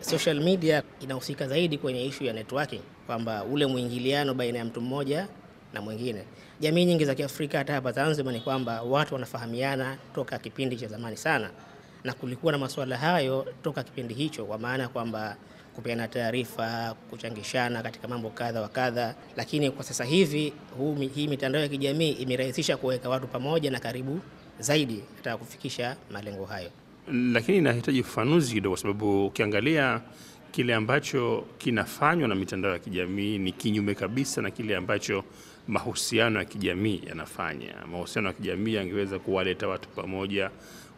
Social media inahusika zaidi kwenye ishu ya networking, kwamba ule mwingiliano baina ya mtu mmoja na mwingine. Jamii nyingi za Kiafrika hata hapa Zanzibar ni kwamba watu wanafahamiana toka kipindi cha zamani sana, na kulikuwa na masuala hayo toka kipindi hicho, kwa maana kwamba kupeana taarifa, kuchangishana katika mambo kadha wa kadha. Lakini kwa sasa hivi huu, hii mitandao ya kijamii imerahisisha kuweka watu pamoja na karibu zaidi hata kufikisha malengo hayo lakini inahitaji ufafanuzi kidogo, kwa sababu ukiangalia kile ambacho kinafanywa na mitandao ya kijamii ni kinyume kabisa na kile ambacho mahusiano ya kijamii yanafanya. Mahusiano ya kijamii yangeweza kuwaleta watu pamoja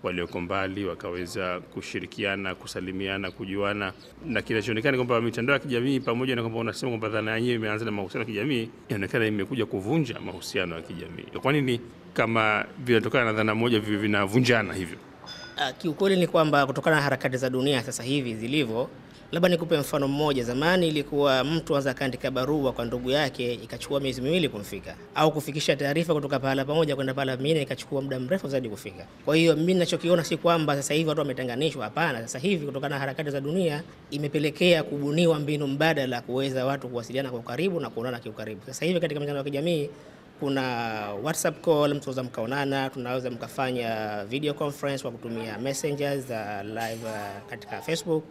walioko mbali wakaweza kushirikiana, kusalimiana, kujuana, na kinachoonekana kwamba mitandao ya kijamii pamoja na kwamba unasema kwamba dhana yenyewe imeanza na mahusiano ya kijamii, inaonekana imekuja kuvunja mahusiano ya kijamii. Kwa nini kama vinatokana na dhana moja vinavunjana hivyo? Ah, kiukweli ni kwamba kutokana na harakati za dunia sasa hivi zilivyo, labda nikupe mfano mmoja. Zamani ilikuwa mtu anza kaandika barua kwa ndugu yake ikachukua miezi miwili kumfika, au kufikisha taarifa kutoka pahala pamoja kwenda pahala pengine ikachukua muda mrefu zaidi kufika. Kwa hiyo mimi ninachokiona si kwamba sasa hivi watu wametenganishwa, hapana. Sasa hivi kutokana na harakati za dunia imepelekea kubuniwa mbinu mbadala kuweza watu kuwasiliana kwa ukaribu na kuonana kiukaribu. Sasa hivi katika mtandao wa kijamii kuna WhatsApp call, mtuweza mkaonana, tunaweza mkafanya video conference kwa kutumia messengers za live uh, katika Facebook.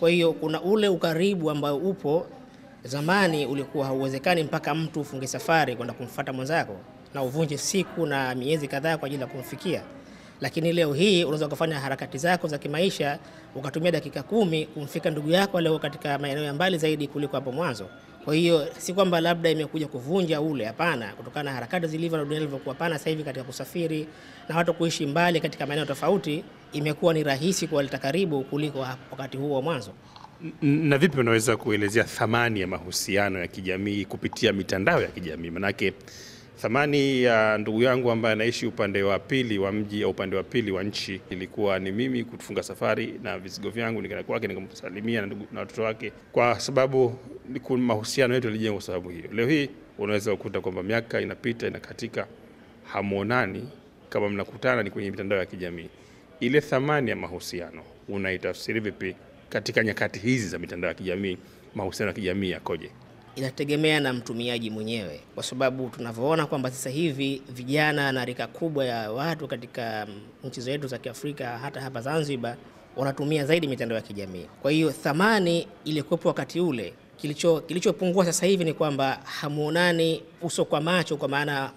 Kwa hiyo kuna ule ukaribu ambao upo zamani ulikuwa hauwezekani mpaka mtu ufunge safari kwenda kumfuata mwenzako na uvunje siku na miezi kadhaa kwa ajili ya kumfikia, lakini leo hii unaweza ukafanya harakati zako za kimaisha ukatumia dakika kumi kumfika ndugu yako leo katika maeneo ya mbali zaidi kuliko hapo mwanzo. Kwa hiyo si kwamba labda imekuja kuvunja ule, hapana, kutokana na harakati zilivyo na dunia ilivyokuwa pana sasa hivi katika kusafiri na watu kuishi mbali katika maeneo tofauti, imekuwa ni rahisi kuwaleta karibu kuliko wakati huo wa mwanzo. Na vipi unaweza kuelezea thamani ya mahusiano ya kijamii kupitia mitandao ya kijamii manake Thamani ya ndugu yangu ambaye anaishi upande wa pili wa mji au upande wa pili wa nchi ilikuwa ni mimi kufunga safari na vizigo vyangu nikaenda kwake nikamsalimia na watoto wake, kwa sababu mahusiano yetu yalijengwa kwa sababu hiyo. Leo hii unaweza kukuta kwamba miaka inapita inakatika, hamwonani, kama mnakutana ni kwenye mitandao ya kijamii. Ile thamani ya mahusiano unaitafsiri vipi katika nyakati hizi za mitandao ya kijamii? Mahusiano ya kijamii yakoje? inategemea na mtumiaji mwenyewe, kwa sababu tunavyoona kwamba sasa hivi vijana na rika kubwa ya watu katika mm, nchi zetu za Kiafrika, hata hapa Zanzibar, wanatumia zaidi mitandao ya kijamii. Kwa hiyo thamani iliyokuwepo wakati ule kilicho kilichopungua sasa hivi ni kwamba hamuonani uso kwa macho, kwa maana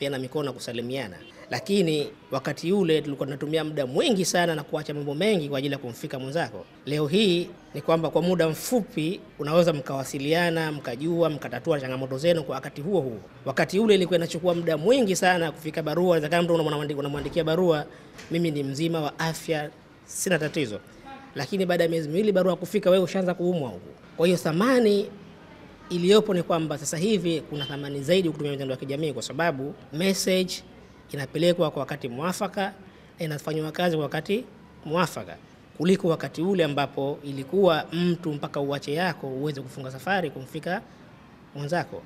na mikono kusalimiana lakini wakati ule tulikuwa tunatumia muda mwingi sana na kuacha mambo mengi kwa ajili ya kumfika mwenzako. Leo hii ni kwamba kwa muda mfupi unaweza mkawasiliana, mkajua, mkatatua changamoto zenu kwa wakati huo huo. Wakati ule ilikuwa inachukua muda mwingi sana kufika barua, mtu unamwandikia barua, mimi ni mzima wa afya, sina tatizo, lakini baada ya miezi miwili barua kufika, wewe ushaanza kuumwa huko. Kwa hiyo thamani iliyopo ni kwamba sasa hivi kuna thamani zaidi kutumia mitandao ya kijamii, kwa sababu message inapelekwa kwa wakati mwafaka na inafanywa kazi kwa wakati mwafaka kuliko wakati ule ambapo ilikuwa mtu mpaka uwache yako uweze kufunga safari kumfika mwenzako.